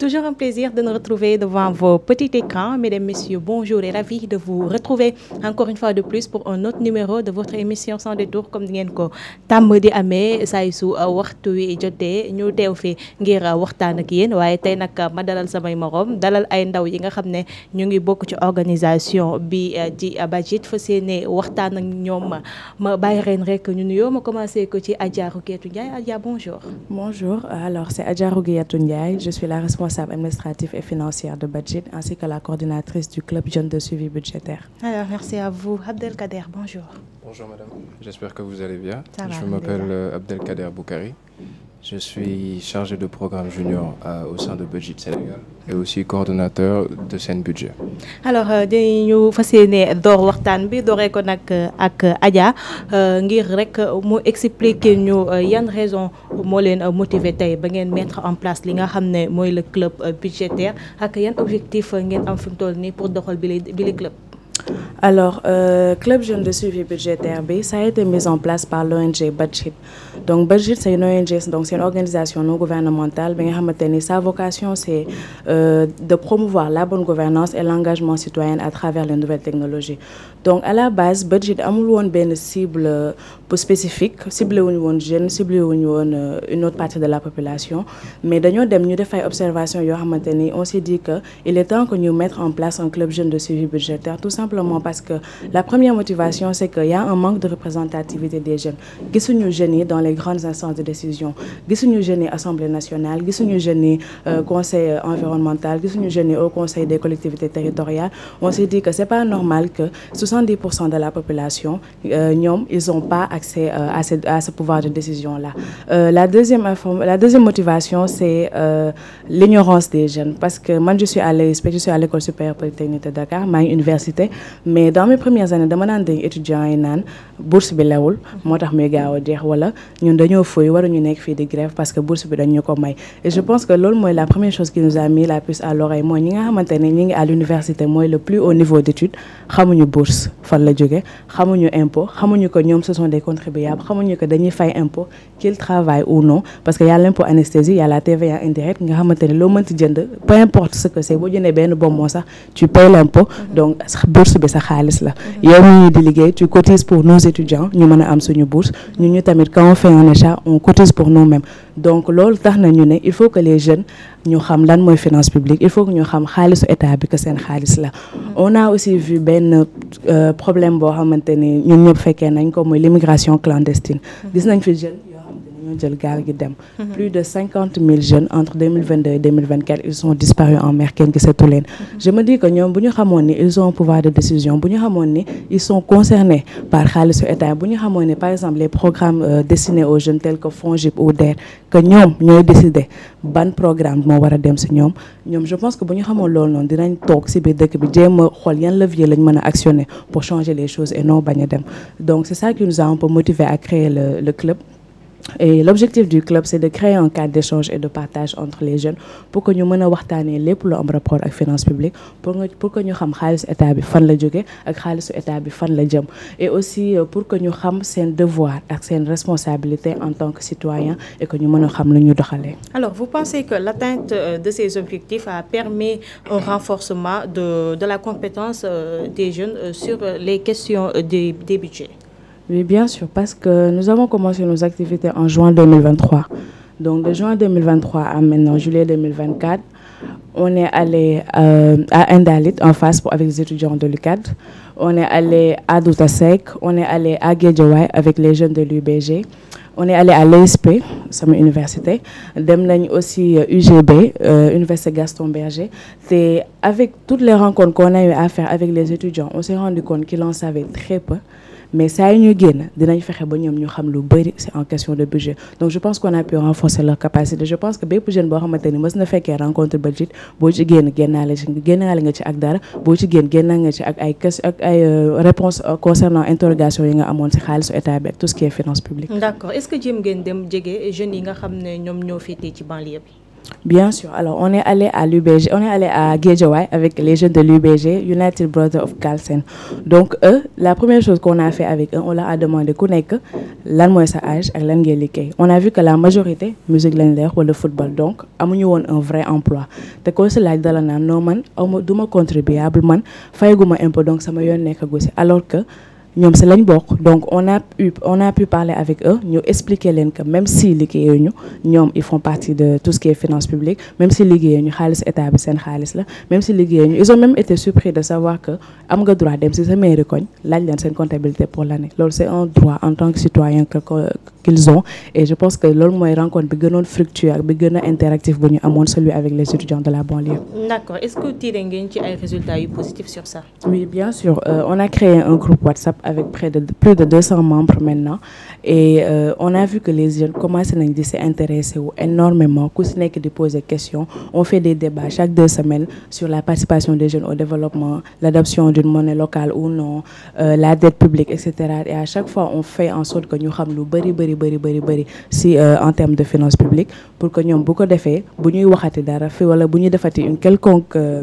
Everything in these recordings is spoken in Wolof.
Toujours un plaisir de nous retrouver devant vos petits écrans. Mesdames, Messieurs, bonjour et ravi de vous retrouver encore une fois de plus pour un autre numéro de votre émission sans détour comme ni ngeen ko tàmm di amee saay Nous euh, waxtu wi jotee ñu teew fi ngir euh, waxtaan ak yéen waaye tey nag euh, ma dalal samay morom dalal ay ndaw yi nga xam ne ñu ngi ci organisation bi di Badjit fa seene ak ma bàyyi rek ñu nuyoo ma commencé ko ci Adja Rouguetou Ndiaye Adja bonjour. Bonjour alors c'est Adja Rouguetou Ndiaye je suis la responsable responsable administratif et financière de budget, ainsi que la coordinatrice du club jeune de suivi budgétaire. Alors, merci à vous. Abdelkader, bonjour. Bonjour madame, j'espère que vous allez bien. Je m'appelle euh, Abdelkader Boukari. Je suis chargé de programme junior euh, au sein de Budget Sénégal et aussi coordonnateur de scène Budget. alors euh, dañu fas yéene door waxtaan bi dooree ko nag euh, ak Adja ngir rek nous, expliquer ñu une raison pour leen motiver tey mettre en place li nga xam le club budgétaire ak yan objectif ngeen am fi pour doxal bi le le club. Alors, euh, Club Jeune de suivi budgétaire B, ça a été mis en place par l'ONG Budget. Donc, Budget, c'est une ONG, donc c'est une organisation non gouvernementale. Mais sa vocation, c'est euh, de promouvoir la bonne gouvernance et l'engagement citoyen à travers les nouvelles technologies. Donc, à la base, Budget a une cible euh, spécifique, cible ou une cible une autre partie de la population. Mais nous avons fait observation, on s'est dit qu'il est temps que nous mettre en place un club jeune de suivi budgétaire, tout simplement simplement parce que la première motivation, c'est qu'il y a un manque de représentativité des jeunes. qui sont gênés dans les grandes instances de décision sont jeunes à assemblée nationale nous jeunes euh, conseil euh, environnemental qui jeunes au conseil des collectivités territoriales on s'est dit que c'est pas normal que 70% de la population euh, ñoom ils n'ont pas accès à ce pouvoir de décision là la deuxième la deuxième motivation c'est l'ignorance des jeunes parce que moi, je suis à à l'école supérieure polytechnique de Dakar ma université mais dans mes premières années dama nan dégg étudiant nan bourse bi lawul motax tax muy gaaw jeex wala ñun dañoo fooy ñu nek fi di grève parce que bourse bi dañ ñuko may et je pense que lool moy la première chose qui nous a mis la puce à l'oreille Moi, ñi nga xamante ñi ngi à l'université moy le plus haut niveau d'études xamuñu bourse fan la jóge xamuñu impôt xamuñu que ñom ce sont des contribuables xamuñu que dañuy fay impôt qu'il travaille ou non parce que y a l'impôt anesthésie y a la TVA indirecte nga xamantene lo loo jënd peu importe ce que c'est boo jëndee benn bonbon sax tu payes l'impôt donc bourse bourse bi sa xaalis la yow mi ñu di liggéey tu cotises pour nos étudiants ñu mën a am suñu bourse ñun ñu tamit quand on fait un achat on cotise pour nous-mêmes donc loolu tax na ñu ne il faut que les jeunes ñu xam lan mooy finance publique il faut que ñu xam xaalisu état bi que seen xaalis la on a aussi vu benn euh, problème boo xamante ni ñun ñëpp fekkee nañ ko mooy immigration clandestine gis nañ fi jeune plus de 50 000 jeunes entre 2022 et 2024 ils sont disparus en mer que mm-hmm. je me dis que nous, ils ont un pouvoir de décision nous, ils sont concernés par état par exemple les programmes euh, destinés aux jeunes tels que FONGIP ou DER que nous avons décidé ban programme je pense que levier pour changer les choses et non donc c'est ça qui nous a un peu à créer le club et l'objectif du club c'est de créer un cadre d'échange et de partage entre les jeunes pour que nous puissions les waxtaanee problèmes lu rapport ak finance publique pour que nous xam xaalisu état bi fan la jóge ak et aussi euh, pour que nous xam un devoir ak une responsabilité en tant que citoyen et que nous puissions savoir xam lu alors vous pensez que l'atteinte euh, de ces objectifs a permis un renforcement de la compétence euh, des jeunes sur les questions des budgets. Oui, bien sûr, parce que nous avons commencé nos activités en juin 2023. Donc, de juin 2023 à maintenant, juillet 2024, on est allé euh, à Indalit, en face, pour, avec les étudiants de l'UCAD. On est allé à Doutasek. On est allé à Guédiouaï avec les jeunes de l'UBG. On est allé à l'ESP, c'est université. Demlagne aussi UGB, euh, euh, Université Gaston Berger. C'est avec toutes les rencontres qu'on a eu à faire avec les étudiants, on s'est rendu compte qu'ils en savaient très peu mais saa yu ñuy génn dinañ fexe bon ñoom ñu xam lu bëri c'est en question de budget donc je pense qu'on a pu renforcer leur capacité je pense que bépp jeune boo xamante ni mës na fekkee rencontre budget boo ci génn génnaale ci génnaale nga ci ak dara boo ci génn génna nga ci ak ay ak ay euh, réponse euh, concernant interrogation yi nga amoon si xaalisu état bi ak tout ce qui est finance publique d'accord est-ce que jéem ngeen dem jege jeunes yi nga xam ne ñoom ñoo ci banlieue Bien sûr. Alors, on est allé à l'UBG, on est allé à Guédiawaye avec les jeunes de l'UBG, United Brothers of Galsen. Donc, eux, la première chose qu'on a fait avec eux, on leur a demandé qu'on est que l'an sa âge et On a vu que la majorité, musique l'air ou le football. Donc, amuñu woon un vrai emploi. Te ko ce laaj dala naan non man, duma contribuable man, un impôt donc sama yoon nekkagu si. Alors que nous donc on a eu on a pu parler avec eux nous expliquer que même si nous nous ils font partie de tout ce qui est finances publiques, même si les nous état bi seen même si nous ils ont même été surpris de savoir que am nga droit dem si sa mairie comptabilité pour l'année c'est un droit en tant que citoyen qu'ils ont et je pense que loolu mooy rencontre bi gënoon fructueux ak bi gën interactif celui avec les étudiants de la banlieue. d'accord est-ce que tu ngeen ci ay résultats positifs sur ça. oui bien sûr euh, on a créé un groupe WhatsApp avec près de plus de 200 membres maintenant et euh, on a vu que les jeunes commencent à s'intéresser énormément énormément ce n'est que di poser questions. on fait des débats chaque deux semaines sur la participation des jeunes au développement l'adoption d'une monnaie locale ou non euh, la dette publique etc. et à chaque fois on fait en sorte que nous xam beaucoup, beaucoup, beaucoup, en termes de finances publiques pour que nous ayons beaucoup d'effets, bu ñuy waxati une quelconque euh,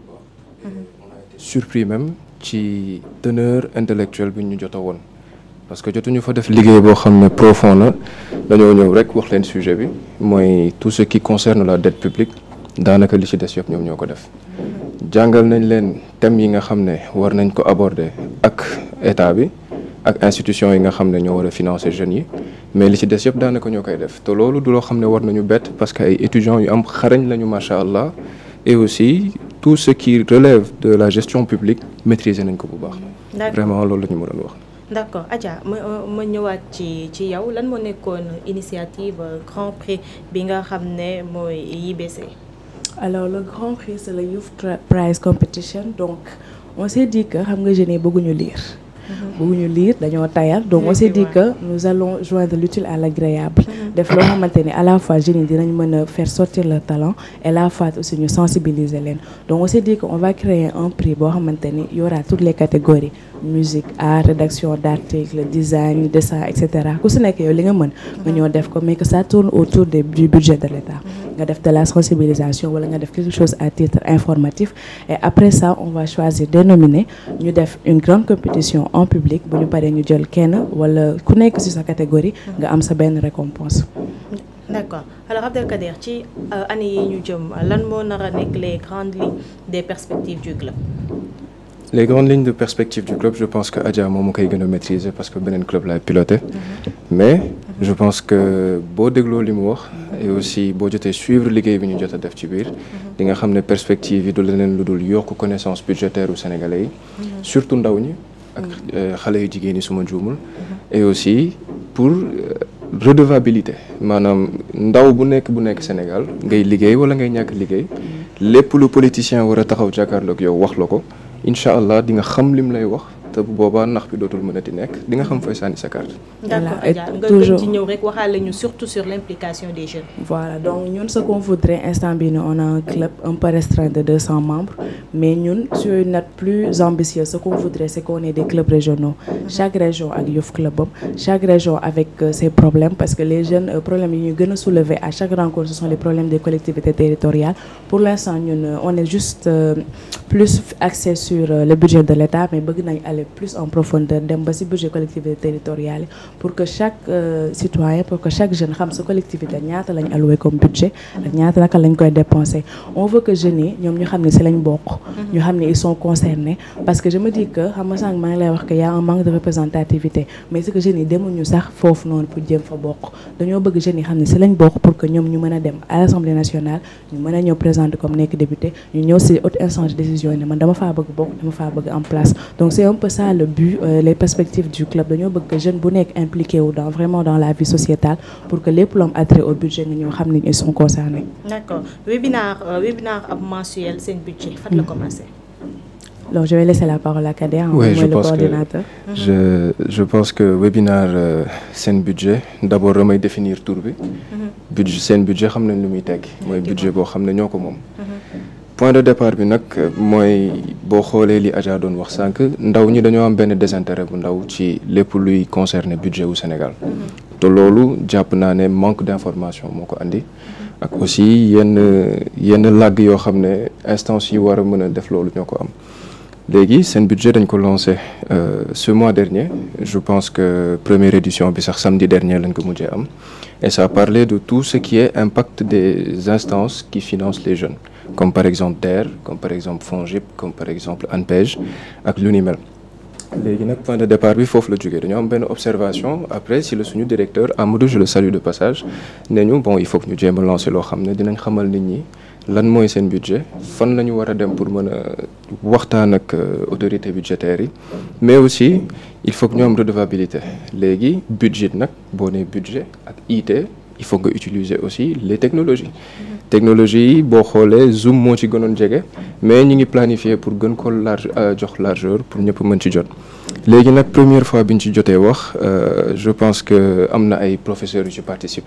surpris même ci teneur intellectuelle bi ñu jot a parce que ñu fa def liggéey bo xamné profond la dañu ñew rek wax leen sujet bi moy tout ce qui concerne la dette publique daanaka li ci des yëpp ñoom ñoo ko def jangal nañ leen thèmes yi nga xamné war nañ ko aborder ak état bi ak institution yi nga xamné ñoo wara financer jeunes yi mais li ci des yëpp danaka ñoo def te lolu du lo xamné war nañu bet parce que ay étudiants yu am xarañ lañu machallah et aussi tout ce qui relève de la gestion publique maîtriser le ko bu baax. vraiment c'est ce que nous a wax. D'accord. Adja ma suis euh, ñëwaat ci ci yow lan initiative euh, Grand Prix bi nga xam ne mooy alors le Grand Prix c'est le Youth Prize Competition donc on s'est dit que xam nga jeunes yi bëgguñu lire. Mhm. bëgguñu lire dañoo tayal donc on s'est dit que nous allons joindre l'utile à l'agréable mhm. def loo xamante à la fois jeunes yi dinañ mën faire sortir leur talent et à la fois aussi nous sensibiliser leen donc on s'est dit que on va créer un prix boo xamante y aura toutes les catégories musique art rédaction d'articles design dessin et cetera ku si nekk yow li nga mën nga ñoo def ko mais que ça tourne autour du budget de l'État mhm nga def de la sensibilisation wala nga def quelque chose à titre informatif et après ça on va choisir de ñu def une grande compétition en public bu ñu paré ñu jël kenn wala ku sa catégorie nga am sa benn récompense D'accord. Alors Abdelkader, ci euh, année yi ñu jëm lan mo nara nek les grandes lignes des perspectives du club les grandes lignes de perspective du club je pense que Adja moom moo koy maîtriser parce que Benen club l'a piloté mhm. mais je pense que boo dégloo li wax et aussi boo jotee suivre les bi ñu jot a def ci biir mhm. di nga xam perspective yi du leneen lu dul connaissance budgétaire u sénégalais mhm. surtout dans ñi ak euh, xale yu jigéen ñi suma et aussi pour euh, redevabilité maanaam ndaw bu nek bu nek Sénégal ngay liggéey wala ngay ñak liggéey lépp lu politicien wara a taxaw jàkkaarloog yow wax la ان شاء الله دينا خملم لي وخ carte. d'accord surtout sur l'implication des jeunes. voilà donc nous ce qu'on voudrait instant on a un club un peu restreint de 200 membres mais nous sur une plus ambitieux, ce qu'on voudrait c'est qu'on ait des clubs régionaux mhm. chaque région a des club, chaque région avec euh, ses problèmes parce que les jeunes euh, problèmes yi ñu soulever à chaque rencontre ce sont les problèmes des collectivités territoriales pour l'instant nous, euh, on est juste plus axé sur le budget de l'État mais bëgg aller plus en profondeur dem ba budget collectif et territorial pour que chaque euh, citoyen pour que chaque jeune xam sa collectivité ñaata lañ alloué comme budget ak ñaata naka lañ koy dépensé on veut que jeunes nous, ñoom ñu xam c'est si lañ bokk mhm. ñu xam ils sont concernés parce que je me dis que xam nga sànq maa ngi lay wax que y a un manque de représentativité mais c'est que jeunes yi demuñu sax foofu noonu pour jéem fa bokk dañoo bëgg jeunes yi xam ne c'est lañ bokk pour que nous, ñu mën a à l'Assemblée nationale ñu mën nous ñëw présenter comme députés député ñu ñëw si haute instance de décision nous man dama faa bëgg bokk dama faa bëgg en place donc c'est un peu ça le but euh, les perspectives du club de nous pour que les jeunes soient impliqué dans vraiment dans la vie sociétale pour que les plombs attirent au budget de nous et ils sont concernés. d'accord webinaire euh, webinaire mensuel, c'est un budget fan la hmm. commencer. alors je vais laisser la parole à Kader. en hein, je coordinateur. que je je pense que le webinaire euh, c'est un budget d'abord vais définir tout le hmm. budget seen budget xam nañ lu c'est un budget boo xam ne ñoo point de départ bi nak euh, moy bo xolé li Adja doon wax sank ndaw ñi dañu am ben désintérêt bu ndaw ci lepp luy concerner budget au Sénégal mm-hmm. to lolu japp na né manque d'information moko andi ak aussi yenn yenn lag yo xamné instance yi wara mëna def lolu ñoko am légui sen budget dañ ko lancé euh, ce mois dernier je pense que première édition bi sax samedi dernier lañ ko mujjee am et ça parlait de tout ce qui est impact des instances qui financent les jeunes comme par exemple DER comme par exemple FONGIP comme par exemple ANPEJ ak l'UNIMEL. Les mel. point de départ bi faut la juger. Nous am une observation après si le suñu directeur Amadou je le salue de passage nous, bon il faut que nous jéem lancé lancer loo xam ne dinañ xamal nit ñi lan moy sen budget fan lañu wara dem pour mëna waxtaan ak euh, autorité budgétaire mais aussi il faut que ñu am redevabilité Légui budget nak boné budget ak IT il faut utiliser aussi les technologies technologies les boo zoom moo ci mais nous ngi planifier pour gën ko large euh, largeur pour ñëpp mën ci jot la la première fois que ci euh, je pense que y a ay professeurs yu ci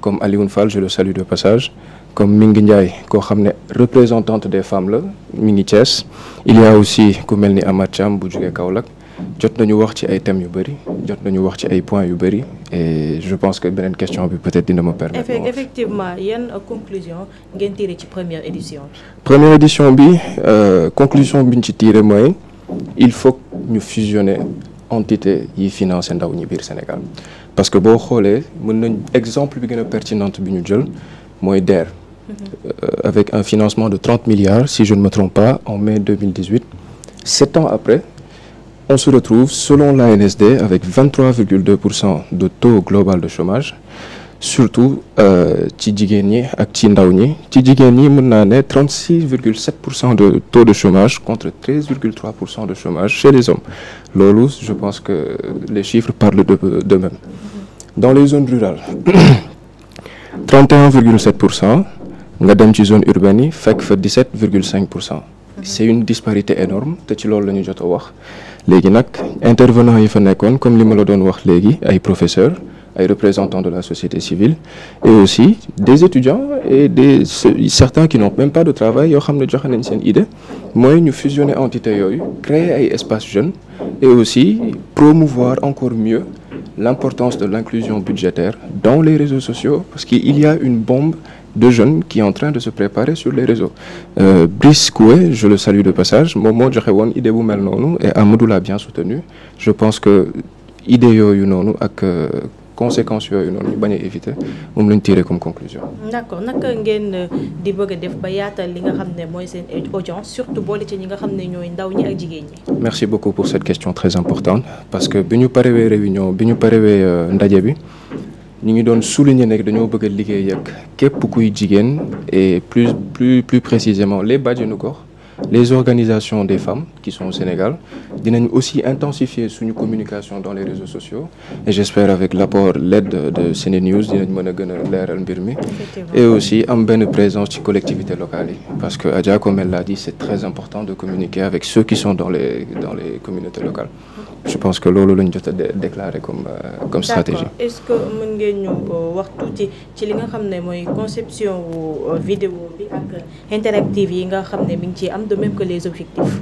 comme Alioune Fall je le salue de passage comme Mingi Ndiaye est représentante des femmes là, il y a aussi comme Amatiam, est jot nañu wax ci ay thèmes yu bari jot nañu wax ci ay points yu et je pense que la question bi peut-être dina ma permettre. effectivement une euh, conclusion tirée tiré ci première édition première édition bi euh, conclusion que j'ai ci tiré mooy il faut ñu fusionner entité yi finance ndaw ñi Sénégal parce que boo xoolee mën nañ exemple bi gën pertinente bi ñu jël DER. Mhm. Euh, avec un financement de 30 milliards si je ne me trompe pas en mai 2018 7 ans après on se retrouve, selon l'ANSD, avec 23,2% de taux global de chômage, surtout ci jigéen Tidigeni 36,7% de taux de chômage contre 13,3% de chômage chez les hommes LOLUS, je pense que les chiffres parlent d'eux-mêmes. dans les zones rurales 31,7% Dans les zones urbaines, 17,5% c'est une disparité énorme C'est ce que les nak intervenants yi fa comme les la professeurs ay représentants de la société civile et aussi des étudiants et certains qui n'ont même pas de travail yo xamne idée fusionner entité yoyu créer ay espaces jeunes et aussi promouvoir encore mieux l'importance de l'inclusion budgétaire dans les réseaux sociaux parce qu'il y a une bombe de jeunes qui est en train de se préparer sur les réseaux. Euh, Brice Koué, je le salue de passage, Momo Djerewan, Idebou Melnonou et Amadou l'a bien soutenu. Je pense que idée yooyu noonu ak euh, conséquences yooyu noonu ñu bañ éviter moom lañ tiré comme conclusion. d'accord naka ngeen euh, di bëgg a def ba yaatal li nga xam audience surtout boole ci ñi nga xam ne ñooy ndaw ñi ak ñi. merci beaucoup pour cette question très importante parce que bi ñu parewee réunion bi ñu parewee euh, ndaje bi. Nous devons souligner que bëgg et plus plus plus précisément les nos corps, les organisations des femmes qui sont au Sénégal avons aussi intensifier notre communication dans les réseaux sociaux et j'espère avec l'apport l'aide de SeneNews News, et aussi en la présence des collectivités locales parce que Adja comme elle l'a dit c'est très important de communiquer avec ceux qui sont dans les dans les communautés locales je pense que ce que nous avons déclaré comme euh, comme stratégie. est-ce que vous ngeen ñu wax de ci li nga xam ne conception euh, vidéo interactive yi nga xam ne de même que les objectifs.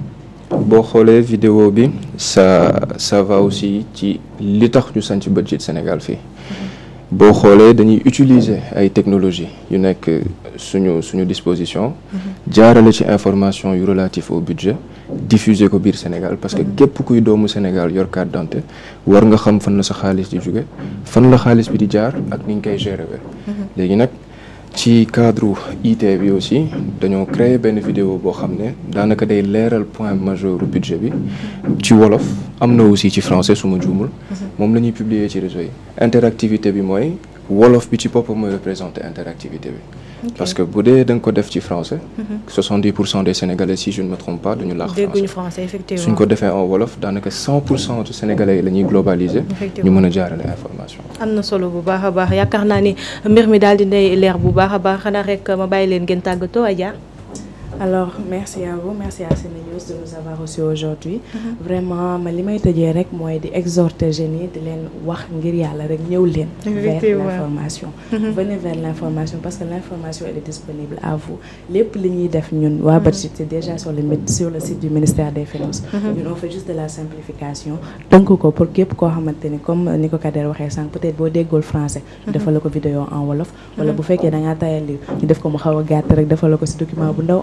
vous xoolee vidéo bi ça ça va aussi ci li tax ñu sanc budget Sénégal fii mhm. boo xoolee dañuy utiliser ay technologies yu nekk suñu nos disposition jaarale ci information relatives au budget diffuser au Sénégal parce que mhm. kuy doomu Sénégal carte nga xam fan sa di fan la gérer mhm. cadre IT aussi créer vidéo point majeur du budget bi ci wolof aussi ci français su mon mhm. mon interactivité wolof bi ci boppam mooy représenté interactivité bi. parce que bu dee da ko def ci français. 70 mhm. pour cent des sénégalais si je ne me trompe pas duñu laax. dégguñu français effectivement suñ ko defee en wolof daanaka 100 pour cent sénégalais la ñuy globaliser. ñu mën a jaarale information. am na solo bu baax a baax yaakaar naa ni mbir mi daal di nay leer bu baax a baax xanaa rek ma bàyyi leen ngeen tàggatoo Adja alors merci à vous merci à SeneNews de nous avoir reçus aujourd'hui mhm. vraiment ma li may tëjee rek mooy di exhorter jeunes Génie de wax ngir vers l'information mhm. venez vers l'information parce que l'information elle est disponible à vous Les li ñuy def ñun mhm. déjà sur le sur le site du ministère des finances ñun on fait juste de la simplification Donc, pour képp koo xamante comme Nicolas Kader peut-être boo déggool français ñu defal la une vidéo en wolof wala bu fekkee da vidéo en Wolof, ñu def ko mu vidéo en Wolof, rek defal la ci document bu ndaw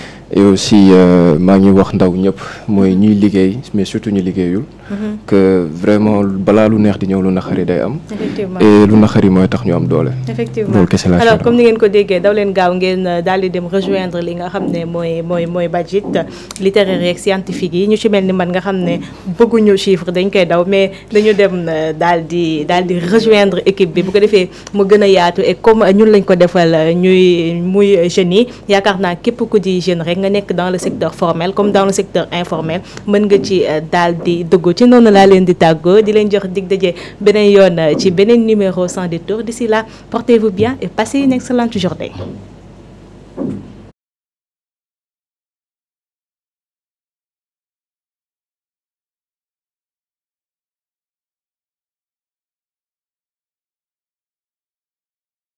et aussi euh, maa wax ndaw ñep moy ñuy liggéey mais surtout ñuy liggéeyul. Mm-hmm. que vraiment bala lu neex di ñew lu naxari day am. et lu naxari moy tax ñu am doole. effectivement alors comme ni ngeen ko déggé daw leen gaaw ngeen euh, daal di dem rejoindre li nga xamné moy moy moy budget littéraire et scientifique yi ñu ci melni man nga xamné bëggu ñu chiffre dañ koy daw mais dañu dem euh, daal di daal di rejoindre équipe bi bu ko défé mu gëna yaatu et comme ñun lañ ko défal ñuy muy génie yi yaakaar naa képp ku di jeune rek nga nekk dans le secteur formel comme dans le secteur informel mën nga ci euh, daal di dugg ci noonu laa leen di tàggoo di leen jox dig daje beneen yoon euh, ci beneen numéro sans détour d'ici là portez-vous bien et passez une excellente journée